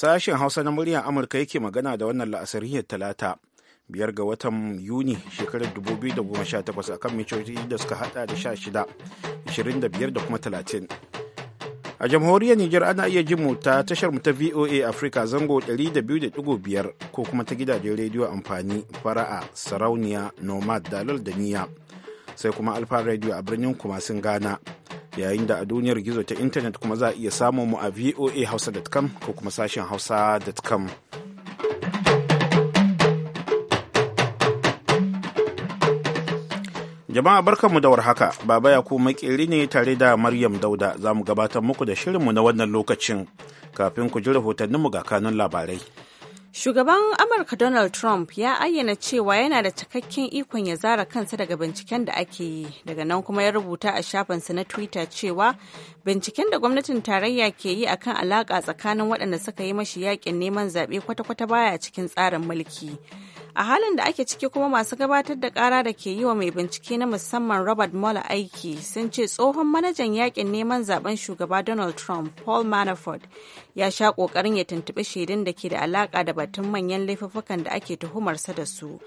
Sashen Hausa na muryar Amurka yake magana da wannan la'asariyar Talata. biyar ga watan yuni shekarar 2018 akan mitoci da suka hada da 16 25 da kuma 30 a jamhuriyar niger ana iya jin mu ta tashar mu ta voa africa zango 200.5 ko kuma ta gidajen rediyo amfani fara'a sarauniya nomad dalal da niya sai kuma alfa radio a birnin kuma sun gana. yayin da a duniyar gizo ta intanet kuma za a iya samun mu a voa hausa.com ko kuma sashen hausa.com jama'a mu da warhaka baba ya ku makeri ne tare da maryam dauda za mu gabatar muku da shirinmu na wannan lokacin kafin ku ji rahotanninmu ga kanun labarai Shugaban Amurka Donald Trump ya ayyana cewa yana da cikakken ikon ya zara kansa daga binciken da ake yi, daga nan kuma ya rubuta a shafinsa na Twitter cewa binciken da gwamnatin tarayya ke yi akan alaƙa tsakanin waɗanda suka yi mashi yakin neman zaɓe kwata-kwata baya cikin tsarin mulki. a halin da ake ciki kuma masu gabatar da kara da ke yi wa mai bincike na musamman robert mueller aiki sun ce tsohon manajan yakin neman zaben shugaba donald trump paul manafort ya sha kokarin ya tuntuɓi shaidun da ke da alaka da batun manyan laifuffukan da ake tuhumarsa da su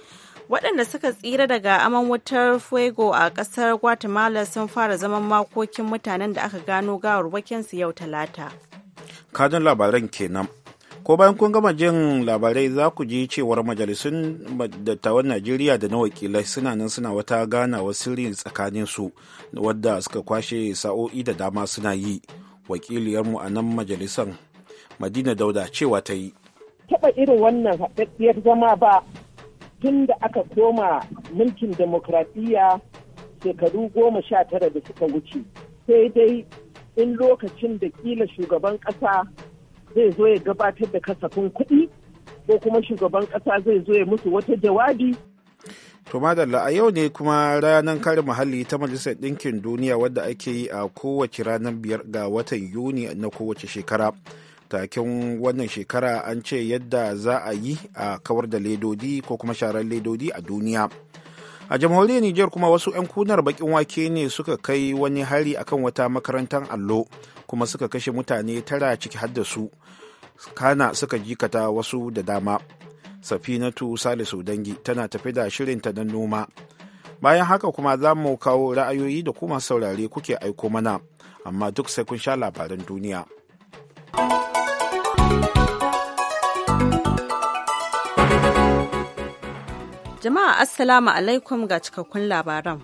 waɗanda suka tsira daga aman wutar fuego a ƙasar guatemala sun fara zaman makokin mutanen da aka gano gawarwakinsu yau talata Kadin labaran kenan ko bayan kun gama jin labarai za ku ji cewar majalisun dattawan najeriya da na wakilai suna nan suna wata ganawa sirri tsakanin su wadda suka kwashe sa'o'i da dama suna yi wakiliyarmu a nan majalisar madina dauda cewa ta yi taba irin wannan haɗaɗɗiyar zama ba tun da aka koma mulkin demokradiyya shekaru goma sha tara da suka wuce sai dai in lokacin da kila shugaban ƙasa zai zo ya gabatar da kasafin kuɗi ko kuma shugaban ƙasa zai zo ya musu wata jawabi. To madalla a yau ne kuma ranar kare muhalli ta Majalisar Ɗinkin Duniya wadda ake yi a kowace ranar biyar ga watan Yuni na kowace shekara. Taken wannan shekara an ce yadda za a yi a kawar da ledodi ko kuma sharar ledodi a duniya. a jamhuriyar nijar kuma wasu 'yan kunar bakin wake ne suka kai wani hari akan wata makarantar allo kuma suka kashe mutane tara ciki har da su kana suka jikata wasu da dama safinatu salisu dangi tana tafi da shirinta don noma bayan haka kuma za mu kawo ra'ayoyi da kuma saurare kuke aiko mana amma duk sai kun sha labaran duniya jama'a assalamu alaikum ga cikakkun labaran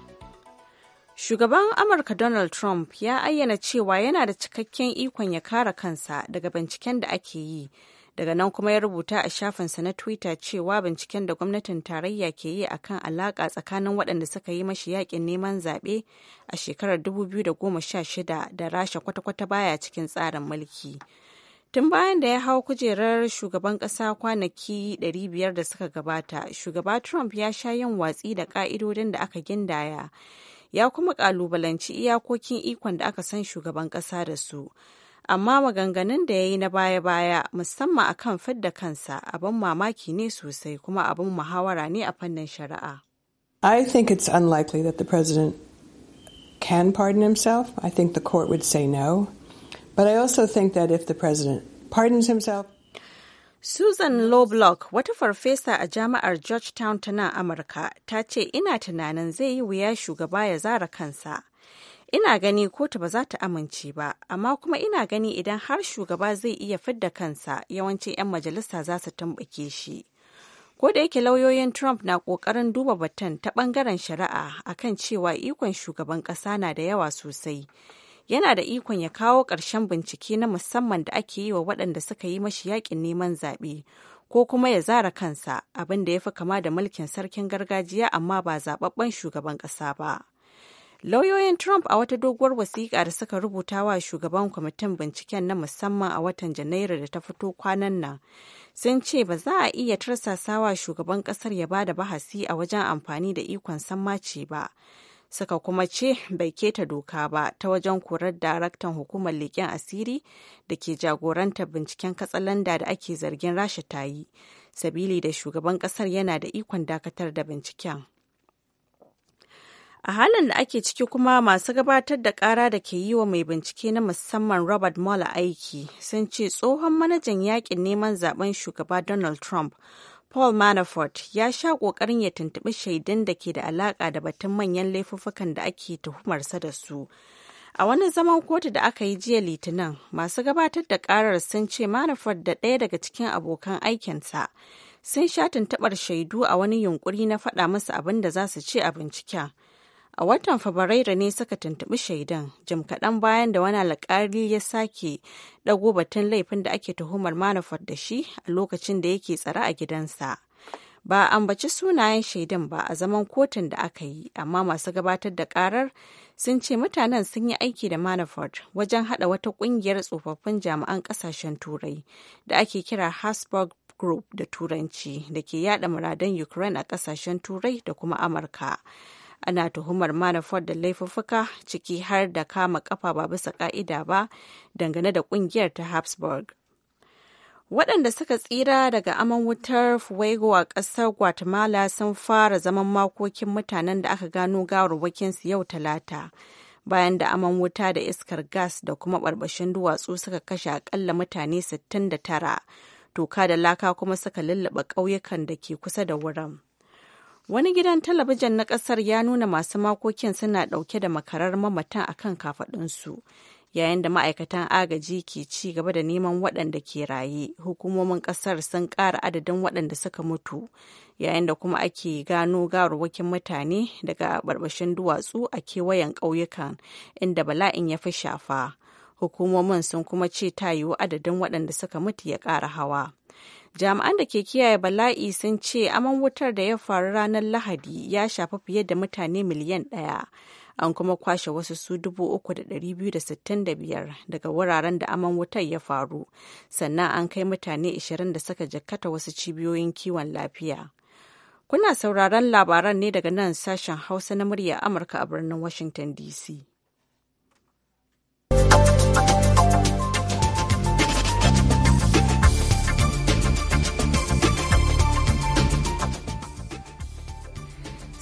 Shugaban Amurka Donald Trump ya ayyana cewa yana da cikakken ikon ya kare kansa daga binciken da ake yi. Daga nan kuma ya rubuta a shafinsa na Twitter cewa binciken da gwamnatin tarayya ke yi akan alaƙa tsakanin waɗanda suka yi mashi yaƙin neman zaɓe a shekarar 2016 da rasha kwata-kwata baya cikin tsarin mulki. Tun bayan da ya hau kujerar shugaban ƙasa kwanaki 500 da suka gabata, shugaba Trump ya sha yin watsi da ƙa'idodin da aka gindaya. ya kuma kalubalanci iyakokin ikon da aka san shugaban da su. Amma maganganun da ya yi na baya-baya musamman a kan fidda kansa abin mamaki ne sosai kuma abin muhawara ne a fannin shari'a. I think it's unlikely that the president can pardon himself. I think the court would say no. But I also think that if the president pardons himself, Susan Lovelock, wata farfesa a jami'ar Georgetown ta nan Amurka, ta ce ina tunanin zai yi wuya shugaba ya zara kansa. Ina gani kotu ba za ta amince ba, amma kuma ina gani idan har shugaba zai iya fidda kansa yawancin 'yan majalisa za su tambake shi. Ko da yake lauyoyin Trump na ƙoƙarin duba batun ta ɓangaren shari'a akan cewa ikon shugaban ƙasa na da yawa sosai, yana da ikon ya kawo ƙarshen bincike na musamman da ake yi wa waɗanda suka yi mashi yaƙin neman zaɓe ko kuma ya zara kansa abin da ya fi kama da mulkin sarkin gargajiya amma ba zaɓaɓɓen shugaban ƙasa ba. Lauyoyin Trump a wata doguwar wasiƙa da suka rubuta wa shugaban kwamitin binciken na musamman a watan Janairu da ta fito kwanan nan sun ce ba za a iya tarsasawa shugaban ƙasar ya ba da bahasi a wajen amfani da ikon sammaci ba. suka kuma ce bai keta doka ba ta wajen korar daraktan hukumar leƙen asiri da ke jagorantar binciken katsalanda da ake zargin rasha ta yi sabili da shugaban ƙasar yana da ikon dakatar da binciken a halin da ake ciki kuma masu gabatar da kara da ke yi wa mai bincike na musamman robert mueller aiki sun ce tsohon manajan yakin neman zaben shugaba donald trump Paul Manafort ya sha ƙoƙarin ya tuntuɓi shaidun da ke da alaƙa da batun manyan laifuffukan da ake tuhumarsa da su. A wani zaman kotu da aka yi jiya Litinin, masu gabatar da ƙarar sun ce Manafort da ɗaya daga cikin abokan aikinsa sun sha tuntuɓar shaidu a wani yunƙuri na faɗa musu abin da za su ce a binciken. a watan fabrairu ne suka tuntuɓi shaidan jim kaɗan bayan da wani alƙali ya sake ɗago batun laifin da ake tuhumar manufar da shi a lokacin da yake tsare a gidansa ba a ambaci sunayen shaidan ba a zaman kotun da aka yi amma masu gabatar da karar sun ce mutanen sun yi aiki da manafort wajen hada wata kungiyar tsofaffin jami'an kasashen turai da ake kira hasburg group da turanci da ke yada muradan ukraine a kasashen turai da kuma amurka ana tuhumar manufar da laifuffuka ciki har da kama kafa ba bisa ka'ida ba dangane da kungiyar ta habsburg waɗanda suka tsira daga aman wutar fuego a ƙasar guatemala sun fara zaman makokin mutanen da aka gano gawarwakinsu yau talata bayan da aman wuta da iskar gas da kuma ɓarɓashin duwatsu suka kashe aƙalla mutane 69 toka da laka kuma suka lullaba ƙauyukan da ke kusa da wurin Wani gidan talabijin na ƙasar ya nuna masu makokin suna ɗauke da makarar mamatan a kan kafaɗinsu, yayin da ma'aikatan agaji ke ci gaba da neman waɗanda ke raye. Hukumomin ƙasar sun ƙara adadin waɗanda suka mutu, yayin da kuma ake gano gawarwakin mutane daga barbashin duwatsu a kewayen ƙauyukan inda bala'in ya fi shafa. Hukumomin sun kuma ce ta yiwu adadin waɗanda suka mutu ya ƙara hawa. jami'an da ke kiyaye bala'i sun ce aman wutar da ya faru ranar lahadi ya shafi fiye da mutane miliyan ɗaya an kuma kwashe wasu su dubu da da da biyu sittin biyar, daga wuraren da aman wutar ya faru sannan an kai mutane ashirin da suka jakkata wasu cibiyoyin kiwon lafiya kuna sauraron labaran ne daga nan sashen hausa na murya amurka a birnin washington dc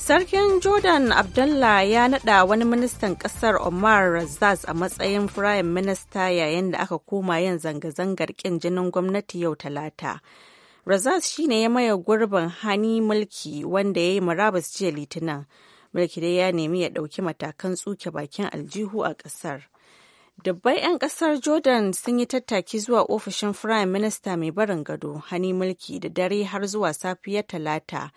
Sarkin Jordan Abdullah ya nada wani ministan kasar Omar Razaz a matsayin firayim minista yayin da aka koma yin zanga-zangar kin jinin gwamnati yau talata. Razaz shine ya maye gurbin hani mulki wanda ya yi murabus jiya litinin. Mulki dai ya nemi ya ɗauki matakan tsuke bakin aljihu a ƙasar. Dabbai 'yan ƙasar Jordan sun yi tattaki zuwa ofishin Firayim Minista mai barin gado, hani mulki da dare har zuwa safiyar talata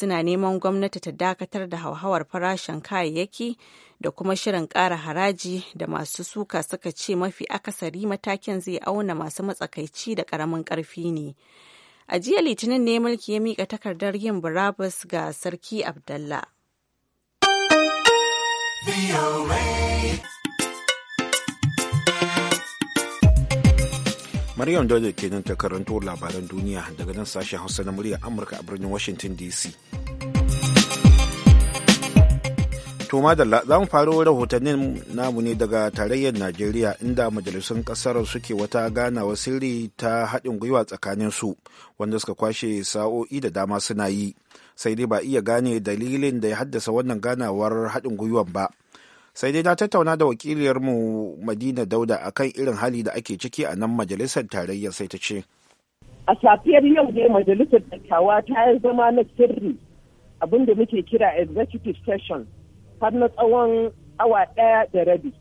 suna neman gwamnati ta dakatar da hauhawar farashin kayayyaki da kuma shirin ƙara haraji da masu suka suka ce mafi akasari matakin zai auna masu matsakaici da ƙaramin ƙarfi ne. A jiya Litinin ne mulki ya miƙa takardar yin burabus ga Sarki Abdallah. Maryam Dole kenan ta karanto labaran duniya daga nan sashen Hausa na muryar Amurka a birnin Washington DC. to madalla za mu faro rahotannin namu ne daga tarayyar najeriya inda majalisun kasar suke wata ganawar sirri ta haɗin gwiwa tsakanin su wanda suka kwashe sa'o'i da dama suna yi sai dai ba iya gane dalilin da ya haddasa wannan ganawar haɗin gwiwan ba sai dai na tattauna da wakiliyarmu madina dauda akan irin hali da ake ciki a nan majalisar tarayyar sai ta ce a safiyar yau ne majalisar dattawa ta yi zama na sirri abin da muke kira executive session har na tsawon awa ɗaya da rabi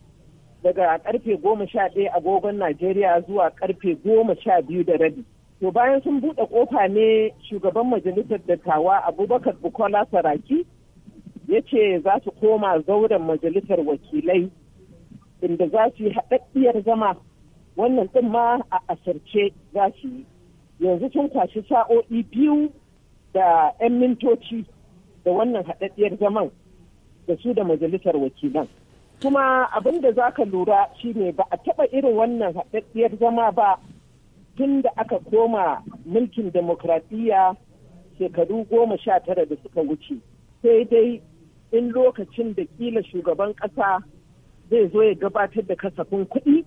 daga karfe goma sha ɗaya agogon najeriya zuwa karfe goma sha biyu da rabi to bayan sun buɗe ƙofa ne shugaban majalisar dattawa abubakar bukola saraki ya ce za su koma zauren majalisar wakilai inda za su yi haɗaɗɗiyar zama wannan ɗin ma a asirce za su yi yanzu sun kwashi sa'o'i biyu da 'yan mintoci da wannan haɗaɗɗiyar zaman da su da majalisar wakilan kuma abin da za ka lura shine ba a taɓa irin wannan haɗaɗɗiyar zama ba tun da aka koma mulkin demokradiyya shekaru goma sha tara da suka wuce sai dai in lokacin da kila shugaban ƙasa zai zo ya gabatar da kasafin kuɗi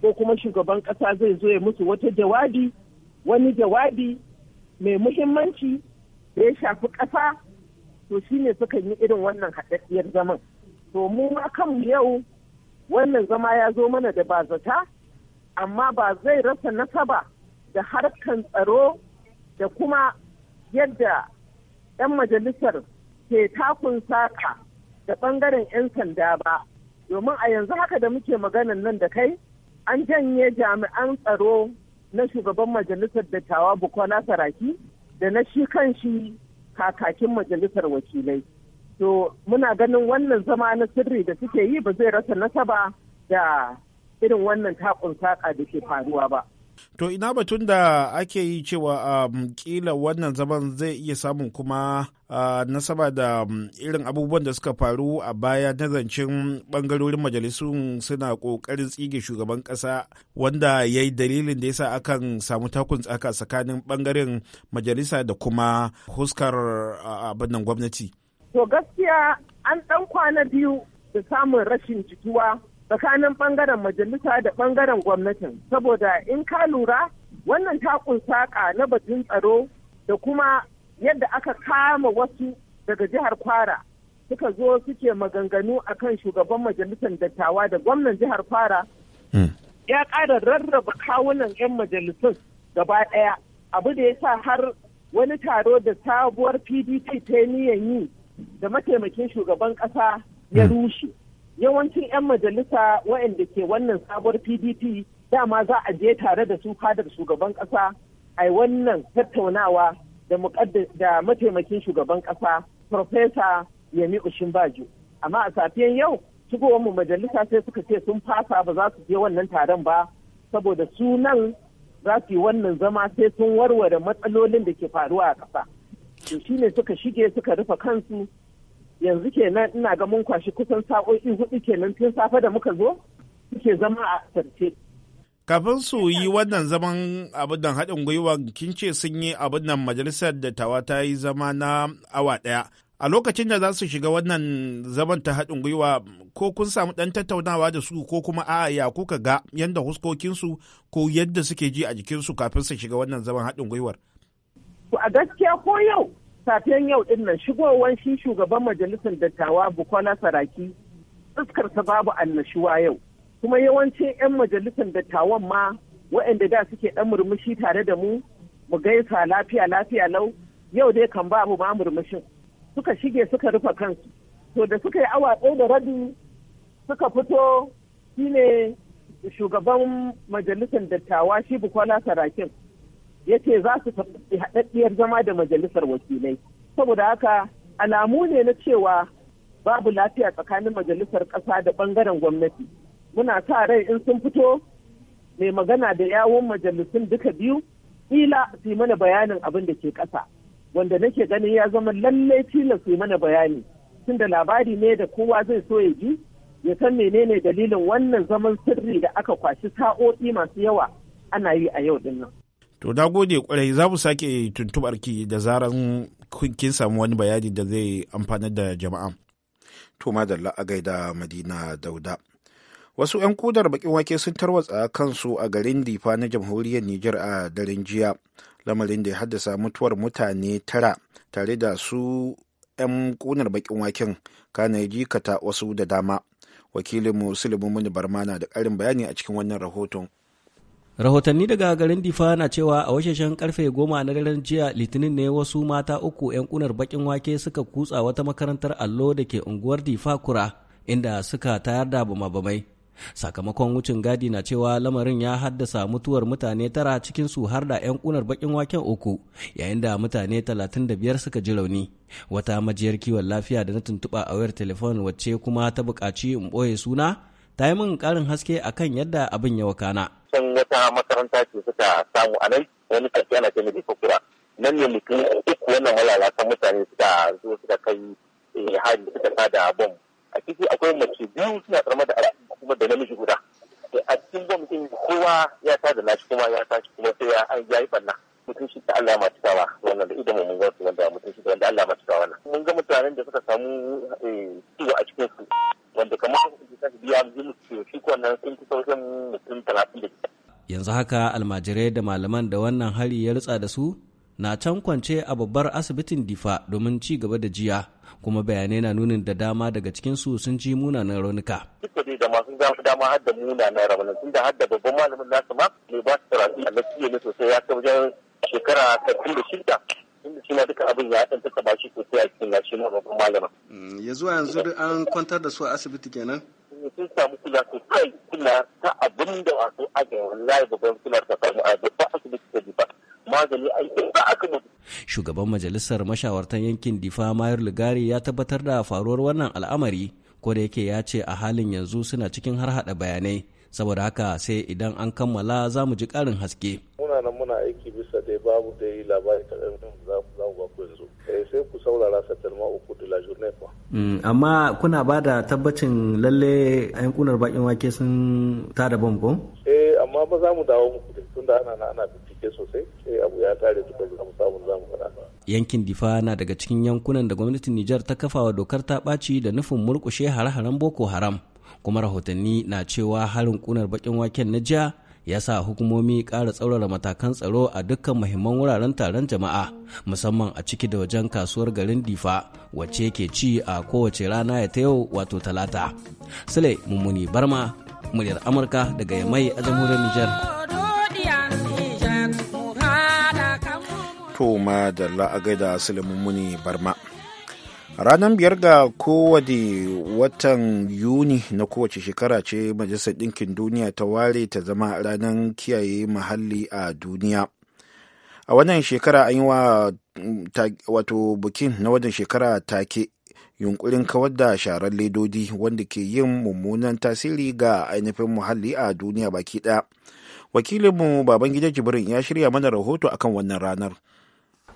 ko kuma shugaban ƙasa zai zo ya musu wata jawabi wani jawabi mai muhimmanci da ya shafi ƙasa to shine suka yi irin wannan haɗaɗɗiyar zaman to mu ma kanmu yau wannan zama ya zo mana da bazata amma ba zai rasa nasaba da harkan tsaro da kuma yadda 'yan majalisar ke takun saka da bangaren 'yan sanda ba domin a yanzu haka da muke maganan nan da kai an janye jami'an tsaro na shugaban majalisar dattawa bukola saraki da na shi kan shi kakakin majalisar wakilai to muna ganin wannan zama na sirri da suke yi ba zai rasa nasaba da irin wannan takun saka da ke faruwa ba to ina batun da ake yi cewa um, kila wannan zaman zai iya samun kuma nasaba da mm, irin abubuwan da suka faru a baya na zancen bangarorin majalisun suna kokarin tsige shugaban kasa wanda ya yi dalilin da ya sa akan samu takun tsaka tsakanin bangaren majalisa da kuma huskar abin nan gwamnati. To gaskiya an ɗan kwana biyu da samun rashin jituwa tsakanin bangaren majalisa da bangaren gwamnatin saboda in ka lura wannan takun saƙa na batun tsaro da kuma yadda aka kama wasu daga jihar kwara suka zo suke maganganu kan shugaban majalisar dattawa da gwamnan jihar kwara hmm. ya ƙara rarraba kawunan 'yan majalisun gaba ɗaya abu da ya sa har wani taro da sabuwar pdp ta niyan yi da mataimakin shugaban ƙasa ya hmm. rushe yawancin 'yan majalisa waɗanda ke wannan sabuwar pdp dama za a je tare da su fadar shugaban ƙasa a wannan tattaunawa da mataimakin shugaban kasa Profesa Yemi Ushinbaju. Amma a safiyan yau shigowar mu majalisa sai suka ce sun fasa ba za su je wannan taron ba saboda sunan za su yi wannan zama sai sun warware matsalolin da ke faruwa a ƙasa. Shi ne suka shige suka rufe kansu yanzu kenan ina ga mun kwashi kusan sa'o'i hudu kenan tun safe da muka zo suke zama a sarce. kafin su yi wannan zaman abin haɗin gwiwa kin ce sun yi abin nan majalisar da tawa ta yi zama na awa ɗaya a lokacin da za su shiga wannan zaman ta haɗin gwiwa ko kun samu ɗan tattaunawa da su ko kuma a'a ya kuka ga yadda huskokinsu ko yadda suke ji a jikinsu kafin su shiga wannan zaman haɗin gwiwar. a gaskiya ko yau safiyan yau din nan shigowar shi shugaban majalisar dattawa bukola saraki iskarsa babu annashuwa yau kuma yawancin 'yan majalisar dattawan ma waɗanda da suke ɗan murmushi tare da mu mu gaisa lafiya lafiya lau yau dai kan ba mu ma murmushin suka shige suka rufe kansu to da suka yi awa ɗaya da rabi suka fito shine shugaban majalisar dattawa shi bukola sarakin ya ce za su tafi haɗaɗɗiyar zama da majalisar wakilai saboda haka alamu ne na cewa babu lafiya tsakanin majalisar ƙasa da ɓangaren gwamnati muna sa rai in sun fito mai magana da yawon majalisun duka biyu kila su mana bayanin abin da ke ƙasa wanda nake ganin ya zama lalle tilas su mana bayani tunda labari ne da kowa zai so ya ji ya san menene dalilin wannan zaman sirri da aka kwashi sa'o'i masu yawa ana yi a yau dinnan. To na gode kwarai za mu sake tuntubar ki da zaran kin samu wani bayani da zai amfanar da jama'a. To madalla a gaida Madina Dauda. wasu 'yan kudar bakin wake sun tarwatsa kansu a garin difa na jamhuriyar niger a daren jiya lamarin da ya haddasa mutuwar mutane tara tare da su 'yan kunar bakin waken kana jikata wasu da dama wakilin musulmi mini barmana da karin bayani a cikin wannan rahoton rahotanni daga garin difa na cewa a washeshen karfe goma na daren jiya litinin ne wasu mata uku 'yan kunar bakin wake suka kutsa wata makarantar allo da ke unguwar difa kura inda suka tayar da bama Sakamakon wucin gadi na cewa lamarin ya haddasa mutuwar mutane tara cikinsu har da 'yan kunar bakin waken uku yayin da mutane 35 suka ji rauni. Wata majiyar kiwon lafiya da na tuntuɓa a wayar telefon wacce kuma ta buƙaci in ɓoye suna ta yi min ƙarin haske akan yadda abin ya wakana. Can wata makaranta ce suka samu a wani karshe ana ce mai kura. Nan ne mutum uku wannan kan mutane suka zo suka kai eh, hari suka da bom a ciki akwai mace biyu suna tsarma da al'umma kuma da namiji guda da eh, a cikin bom din kowa ya ta da lashi kuma ya tashi kuma sai ya an yayi banna mutum shi da Allah ya mace tawa wannan da idan mun ga wanda mutum shi da wanda Allah ya mace tawa wannan mun ga mutanen da suka samu eh, ciwo a cikin su wanda kamar su ta biya mu shi ko nan sun fi sauran mutum talatin da yanzu haka almajirai da malaman da wannan hari ya rutsa da su na can kwance a babbar asibitin difa domin ci gaba da jiya kuma bayanai na nunin da dama daga cikinsu sun ji munanan raunuka. Duka da masu zama dama da munanan raunuka da babban malamin nasu ma mai ba su a lafiya ne ya kai wajen shekara da shida. shi duka abin ya ɗan a cikin na babban malamin. Mm, ya an kwantar da su a asibiti kenan? Eh, sun samu kula sosai kula ta abin da wasu babban kula ta samu a shugaban majalisar mashawartan yankin difa mayar lugari ya tabbatar da faruwar wannan al'amari ko da yake ya ce a halin yanzu suna cikin har hada bayanai saboda haka sai idan an kammala za mu ji karin haske muna nan muna aiki bisa dai babu da yi labari kaɗan za mu ba ku yanzu eh, sai ku saurara uku da la journée mm, amma kuna ba da tabbacin lalle a kunar bakin wake sun tada bom eh amma ba za mu dawo muku tunda ana ana bincike sosai abu ya tare su samun zamu fara. Yankin Difa na daga cikin yankunan da gwamnatin Nijar ta kafawa dokar ta ɓaci da nufin murƙushe hare-haren Boko Haram. Kuma rahotanni na cewa harin kunar bakin waken na jiya ya sa hukumomi ƙara tsaurara matakan tsaro a dukkan muhimman wuraren taron jama'a musamman a ciki da wajen kasuwar garin difa wacce ke ci a kowace rana ya ta yau wato talata sule mummuni barma muryar amurka daga yamai a jamhuriyar nijar to ma da la'agaida silimin muni barma ranar biyar ga kowane watan yuni na kowace shekara ce majalisar ɗinkin duniya ta ware ta zama ranar kiyaye muhalli a duniya a wannan shekara an yi wa mm, wato bukin na wannan shekara take yunkurin kawar da sharar ledodi wanda ke yin mummunan tasiri ga ainihin muhalli a duniya baki ɗaya wakilinmu baban jibrin ya shirya mana rahoto akan wannan ranar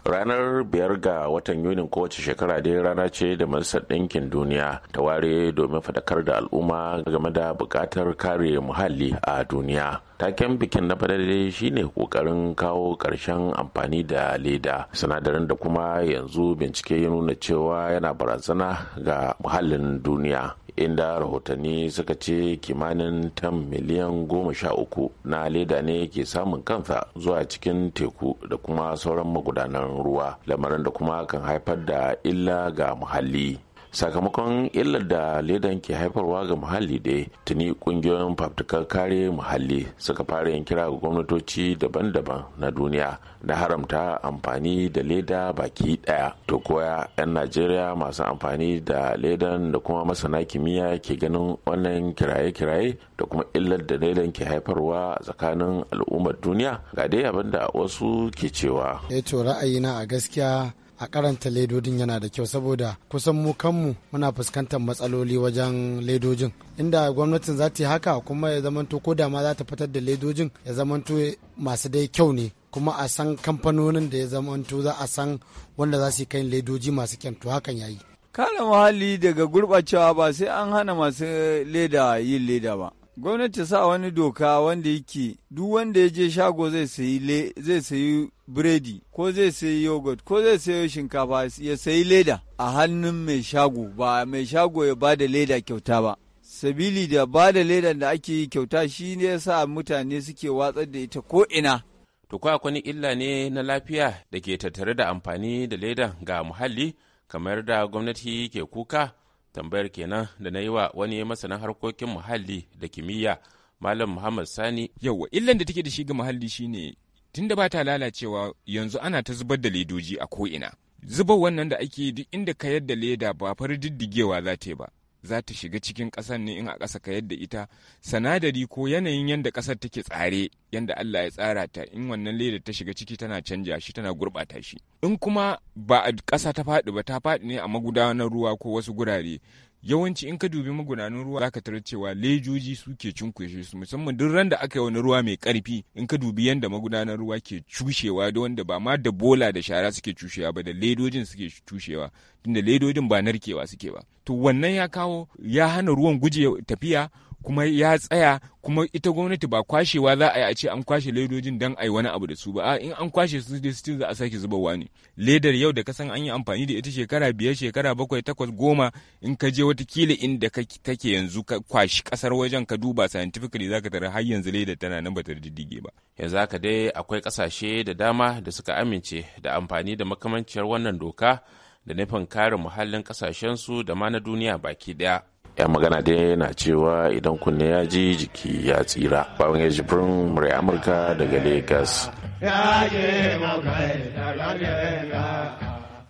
ranar biyar ga watan yunin kowace shekara dai rana ce da majalisar ɗinkin duniya ta ware domin faɗakar da al'umma game da buƙatar kare muhalli a duniya taken bikin na bana dai shine kokarin kawo karshen amfani da leda sinadarin da kuma yanzu bincike ya nuna cewa yana barazana ga muhallin duniya inda rahotanni suka ce kimanin tam miliyan goma sha uku na leda ne ke samun kansa zuwa cikin teku da kuma sauran magudanan ruwa lamarin da kuma kan haifar da illa ga muhalli sakamakon illar da ledan ke haifarwa ga muhalli da tuni kungiyoyin fafutukar kare muhalli suka fara yin kira ga gwamnatoci daban-daban na duniya na haramta amfani da leda baki daya to koya 'yan najeriya masu amfani da ledan da kuma masana kimiyya ke ganin wannan kiraye-kiraye da kuma illar da ledan ke haifarwa tsakanin al'ummar duniya ga dai abin da wasu ke cewa eh to ra'ayina a gaskiya a karanta ledodin yana da kyau saboda kusan mu kanmu muna fuskantar matsaloli wajen ledojin inda gwamnatin za ta yi haka kuma ya zamanto ko da ma za ta fitar da ledojin ya zamanto masu dai kyau ne kuma a san kamfanonin da ya zamanto za a san wanda za su yi kan ledoji masu kyan to hakan yayi kare muhalli daga gurɓacewa ba sai an hana masu leda yin leda ba gwamnati sa wani doka wanda yake duk wanda ya je shago zai sayi le zai sayi biredi ko zai sayi yogurt ko zai sayi shinkafa ya sayi leda a hannun mai shago ba mai shago ya ba da leda kyauta ba sabili da ba da leda da ake yi kyauta shi ne ya sa mutane suke watsar da ita ko ina to ko akwai illa ne na lafiya da ke tattare da amfani da leda ga muhalli kamar da gwamnati ke kuka tambayar kenan da na yi wa wani masanin harkokin muhalli da kimiyya malam muhammad sani yawa illan da take da shi ga muhalli shine tunda ba ta lalacewa yanzu ana ta zubar da ledoji a ko'ina zubar wannan da ake duk inda ka yadda leda ba fari diddigewa za ta yi ba za ta shiga cikin ƙasar ne in a ƙasa ka yadda ita sanadari ko yanayin yadda ƙasar take tsare yadda Allah ya tsara ta in wannan leda ta shiga ciki tana canja shi tana gurɓata shi in kuma ba a ƙasa ta faɗi ba ta faɗi ne a magudanar ruwa ko wasu gurare yawanci in ka dubi magudanan ruwa zaka tarar cewa lejoji suke cunkushe su musamman duk ran da aka yi wani ruwa mai karfi in ka dubi yadda magudanan ruwa ke cushewa da wanda ba ma da bola da shara suke cushewa ba da ledojin suke cushewa tunda ledojin ba narkewa suke ba to wannan ya kawo ya hana ruwan guje tafiya kuma ya tsaya kuma ita gwamnati ba kwashewa za a yi a ce an kwashe ledojin don a yi wani abu da su ba in an kwashe su da su za a sake zubarwa ne ledar yau da kasan an yi amfani da ita shekara biyar shekara bakwai takwas goma in ka je wata watakila inda kake yanzu ka kwashi kasar wajen ka duba scientifically za ka tara har yanzu ledar tana nan ba ta diddige ba yanzu haka dai akwai kasashe da dama da suka amince da amfani da makamanciyar wannan doka da nufin kare muhallin kasashensu da ma na duniya baki daya ya magana dai yana cewa idan kunne ya ji jiki ya tsira baban ya jibrin murai amurka daga lagos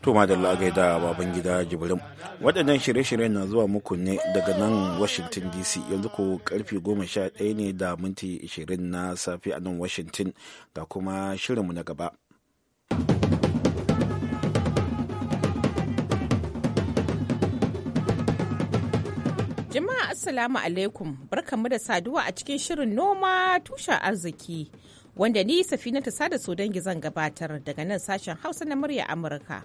to madalla gaida baban gida jibrin waɗannan shirye-shiryen na zuwa muku ne daga nan washington dc yanzu ko karfe 11 ne da minti 20 na safi a nan washington ga kuma shirinmu na gaba Jama'a Assalamu alaikum barkanmu da saduwa a cikin shirin noma tushen arziki wanda ni safina ta sada so dangi zan gabatar daga nan sashen Hausa na murya Amurka.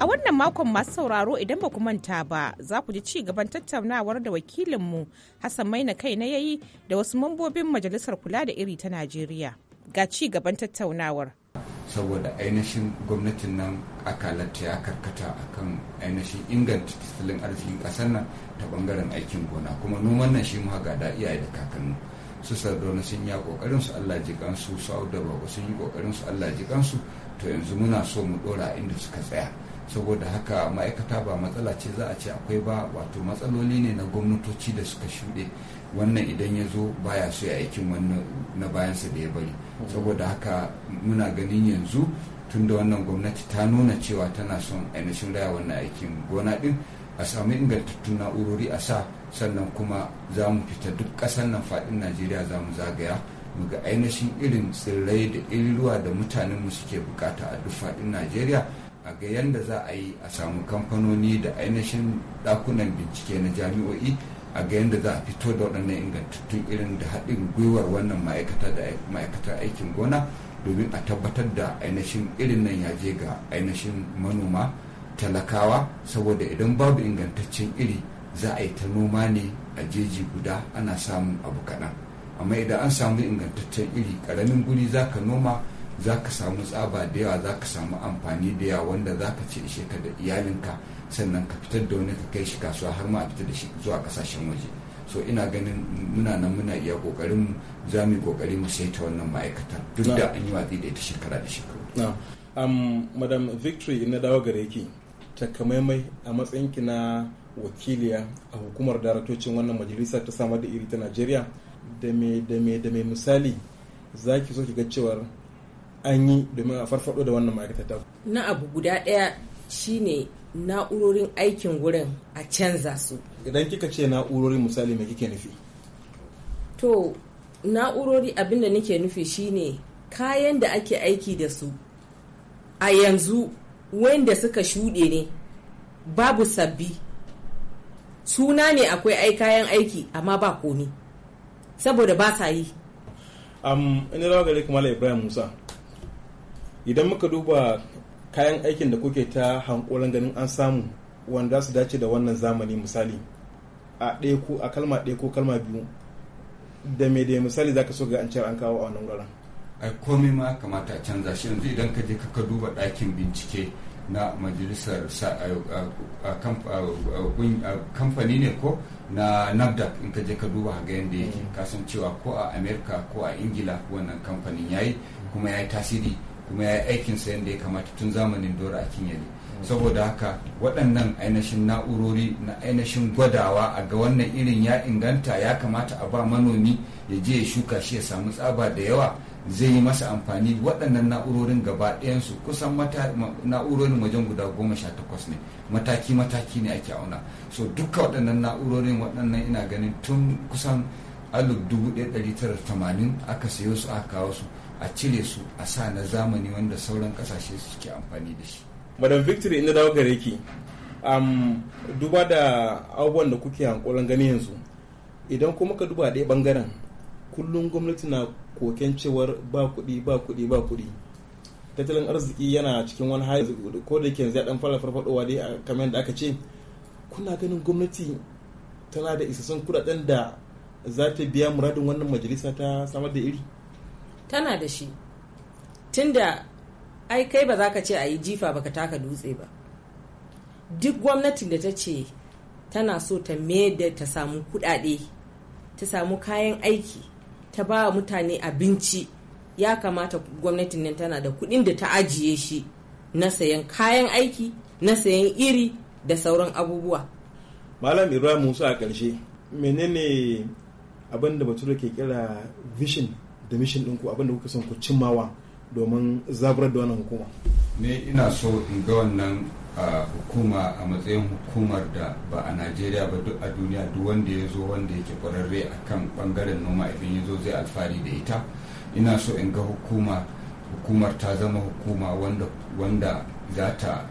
A wannan makon masu sauraro idan ba ku manta ba za ku ji ci gaban tattaunawar da wakilinmu Hassan Maina kai na yayi da wasu mambobin Majalisar Kula da Iri ta Najeriya. Ga ci gaban tattaunawar. saboda ainihin gwamnatin nan akalata ya karkata akan ainihin inganta tattalin arzikin ƙasar nan ta bangaren aikin gona kuma noman nan shi muka da iyaye da kakanni su sardauna sun yi kokarin su Allah ji kansu su da bako sun yi kokarin su Allah ji kansu to yanzu muna so mu dora inda suka tsaya saboda haka ma'aikata ba matsala ce za a ce akwai ba wato matsaloli ne na gwamnatoci da suka shuɗe wannan idan ya zo baya so ya aikin wannan na bayansa da ya bari saboda haka muna ganin yanzu tun da wannan gwamnati ta nuna cewa tana son ainihin raya wannan aikin gona din a samu ingantattun na'urori a sa sannan kuma za mu fita duk ƙasar nan faɗin najeriya za mu zagaya mu ga ainihin irin tsirrai da iriruwa da mutanen mu suke bukata a duk faɗin najeriya a ga yanda za a yi a samu kamfanoni da ainihin ɗakunan bincike na jami'o'i a ga yadda za a fito da waɗannan ingantattun irin da haɗin gwiwar wannan ma'aikata da ma'aikatar aikin gona domin a tabbatar da ainihin irin nan ya je ga ainihin manoma talakawa saboda idan babu ingantaccen iri za a yi ta noma ne a jeji guda ana samun abu kaɗan amma idan an samu ingantaccen iri ƙaramin guri za ka noma za ka samu tsaba da yawa za ka samu amfani da yawa wanda za ka ce ishe ka da iyalinka sannan ka fitar da wani ka kai shi kasuwa har ma a fitar da shi zuwa kasashen waje so ina ganin muna nan muna iya kokarin za mu yi kokari mu saita wannan ma'aikatar duk da an yi watsi da ita shekara da shekaru. madam victory na dawo gare ki takamaimai a matsayinki na wakiliya a hukumar daratocin wannan majalisa ta samar da iri ta najeriya da me da me misali za ki so ki ga cewar an yi domin a farfado da wannan ma'aikata na abu guda ɗaya shine na'urorin aikin gurin a canza su idan kika ce na'urori misali me kike nufi to na'urori abinda nake nufi shine kayan da ake aiki da su a yanzu wanda suka shuɗe ne babu sabbi suna ne akwai ai kayan aiki amma ba komi saboda ba sa yi um, ina rawa gare kuma ibrahim musa idan muka duba kayan aikin da kuke ta hankulan ganin an samu wanda su dace da wannan zamani misali a ɗaya ko a kalma ɗaya ko kalma biyu da me da misali zaka so ga an ce an kawo a wannan wuraren ai komai ma kamata a canza shi yanzu idan ka je ka duba ɗakin bincike na majalisar sa a kamfani ne ko na nafdac in ka je ka duba ga yadda yake mm. kasancewa ko a amerika ko a ingila wannan kamfanin yayi kuma yayi tasiri kuma ya yi aikin sa yadda ya kamata tun zamanin dora a kinyali saboda haka waɗannan ainihin na'urori na ainihin gwadawa a ga wannan irin ya inganta ya kamata a ba manomi ya je ya shuka shi ya samu tsaba da yawa zai yi masa amfani waɗannan na'urorin gaba ɗayansu kusan na'urorin wajen guda goma sha takwas ne mataki-mataki ne ake auna so duka waɗannan na'urorin waɗannan ina ganin tun kusan alif dubu ɗaya ɗari tara tamanin aka sayo su aka kawo su a cire su a sa na zamani wanda sauran kasashe ke amfani da shi madam victory inda dawo gare ki duba da abubuwan da kuke hankulan gani yanzu idan kuma ka duba ɗaya bangaren kullum gwamnati na koken cewar ba kuɗi ba kuɗi ba kuɗi tattalin arziki yana cikin wani hali ko da yake zaɗan fara farfadowa dai kamar da aka ce kuna ganin gwamnati tana da isassun kudaden da za ta biya muradin wannan majalisa ta samar da iri tana da shi tunda ai kai ba za ka ce a yi jifa ba ka taka dutse ba duk gwamnatin da ta ce tana so ta da ta samu kudade ta samu kayan aiki ta ba wa mutane abinci ya kamata gwamnatin nan tana da kudin da ta ajiye shi na sayan kayan aiki na sayan iri da sauran abubuwa malam ibrahim musa a ƙarshe menene abin da bature ke kira vision da mishin ɗinku abinda kuka son ku cimmawa domin zaburar da wannan hukuma. ne ina so in ga wannan hukuma a matsayin hukumar da ba a najeriya ba duk a duniya duk wanda ya zo wanda yake kwararre a kan bangaren noma idan ya zo zai alfahari da ita ina so in ga hukuma hukumar ta zama hukuma wanda wanda za ta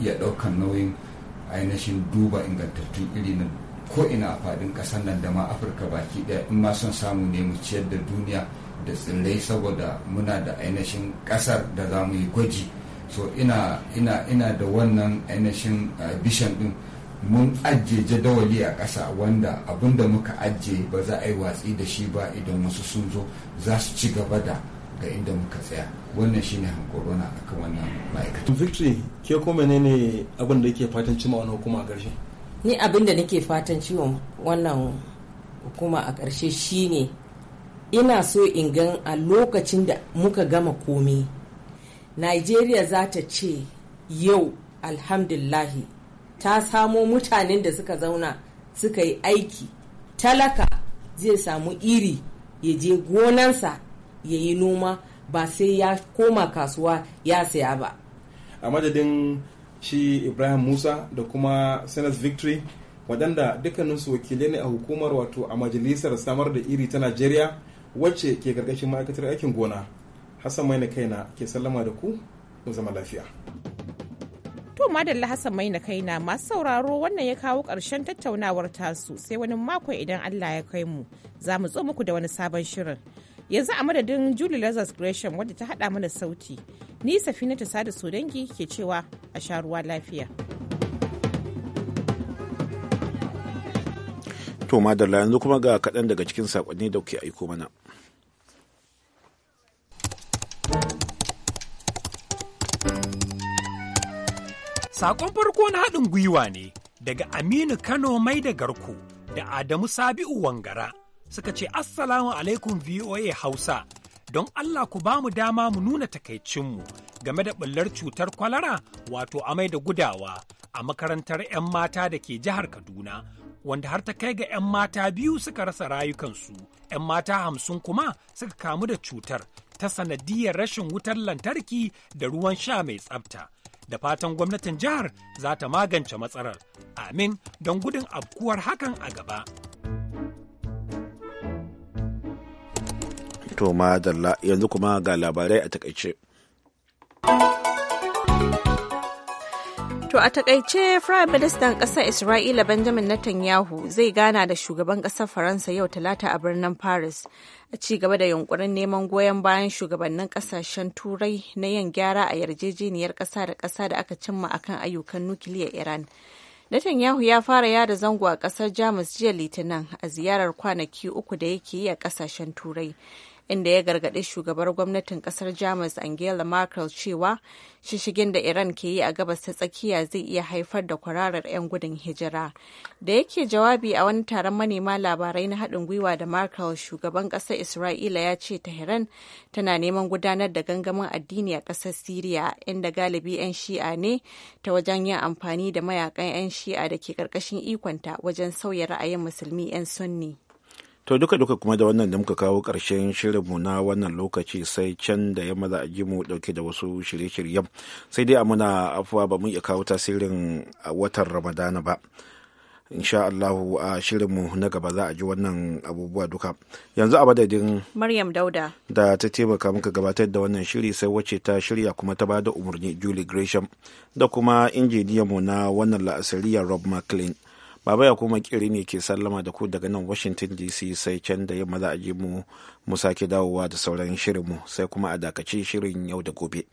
iya ɗaukan nauyin ainihin duba ingantattun iri na ko ina a faɗin ƙasar nan da ma afirka baki ɗaya in ma son samu ne mu ciyar da duniya da tsirrai saboda muna da ainihin ƙasar da za mu yi gwaji so ina ina ina da wannan ainihin bishan eh, din mun ajiye jadawali a ƙasa wanda abinda da muka ajiye ba za a yi watsi da shi ba idan wasu sun zo za su ci gaba da ga inda muka tsaya wannan shine hankorona kan wannan ma'aikata. victory ke kuma ne abin da ke fatan cima wani hukuma a ƙarshe ni abin da nake fatan ciwon wannan hukuma a ƙarshe shine ina so in gan a lokacin da muka gama komi nigeria za ta ce yau alhamdulahi ta samo mutanen da suka zauna suka yi aiki talaka zai samu iri ya je gonansa ya yi noma ba sai ya koma kasuwa ya saya ba a madadin shi ibrahim musa da kuma senate victory wadanda dukkaninsu wakilai ne a hukumar wato a majalisar samar da iri ta nigeria. wacce ke karkashin ma'aikatar aikin gona hassan mai na kaina ke sallama da ku mu zama lafiya to madalla hassan mai na kaina masu sauraro wannan ya kawo ƙarshen tattaunawar tasu sai wani mako idan allah ya kai mu za mu zo muku da wani sabon shirin yanzu a madadin julie lazarus gresham wadda ta haɗa mana sauti ni ta sada dangi ke cewa a sha ruwa lafiya. to madalla yanzu kuma ga kaɗan daga cikin saƙonni da kuke aiko mana Sakon farko na haɗin gwiwa ne daga Aminu Kano mai da garko da Adamu Sabi'u Wangara suka ce Assalamu alaikum VOA Hausa don Allah ku ba mu dama mu nuna takaicinmu game da ɓullar cutar kwalara wato amai da gudawa a makarantar 'yan mata da ke jihar Kaduna wanda har ta kai ga 'yan mata biyu suka rasa rayukansu 'yan mata hamsin kuma suka kamu da cutar ta sanadiyar rashin wutar lantarki da ruwan sha mai tsabta da fatan gwamnatin jihar za ta magance matsalar amin don gudun afkuwar hakan a gaba to madalla yanzu kuma ga labarai a takaice To a takaice Prime Minister ƙasar Isra'ila Benjamin Netanyahu zai gana da shugaban ƙasar Faransa yau talata a birnin Paris a ci gaba da yunkurin neman goyon bayan shugabannin ƙasashen Turai na yin gyara a yarjejeniyar ƙasa da ƙasa da aka cimma akan ayyukan nukiliyar Iran. Netanyahu ya fara yada zango a ƙasar Jamus jiya Litinin a ziyarar kwanaki uku da yake yi a ƙasashen Turai. inda ya gargaɗi shugabar gwamnatin ƙasar Jamus Angela Merkel cewa shishigin da Iran ke yi a gabas ta tsakiya zai iya haifar da kwararar 'yan gudun hijira. Da yake jawabi a wani taron manema labarai na haɗin gwiwa da Merkel shugaban ƙasar Isra'ila ya ce Tehran tana neman gudanar da gangamin addini a ƙasar Siriya inda galibi 'yan shi'a ne ta wajen yin amfani da mayakan 'yan shi'a da ke ƙarƙashin ikonta wajen sauya ra'ayin musulmi 'yan sunni. To duka duka kuma da wannan da muka kawo ƙarshen shirinmu na wannan lokaci sai can da ya maza a ji mu dauke da wasu shirye-shiryen sai dai a muna afuwa ba mu iya kawo tasirin a watan Ramadana ba. insha Allahu a shirinmu na gaba za a ji wannan abubuwa duka yanzu a madadin Maryam Dauda da ta taimaka muka gabatar da wannan shiri sai wacce ta shirya kuma ta bada umarni Julie Gresham da kuma injiniyanmu na wannan la'asariya Rob McLean Baba ya kuma kiri ne ke sallama da ku daga nan Washington DC sai can da yamma za a je mu mu sake dawowa da sauran shirinmu sai kuma a dakace shirin yau da gobe.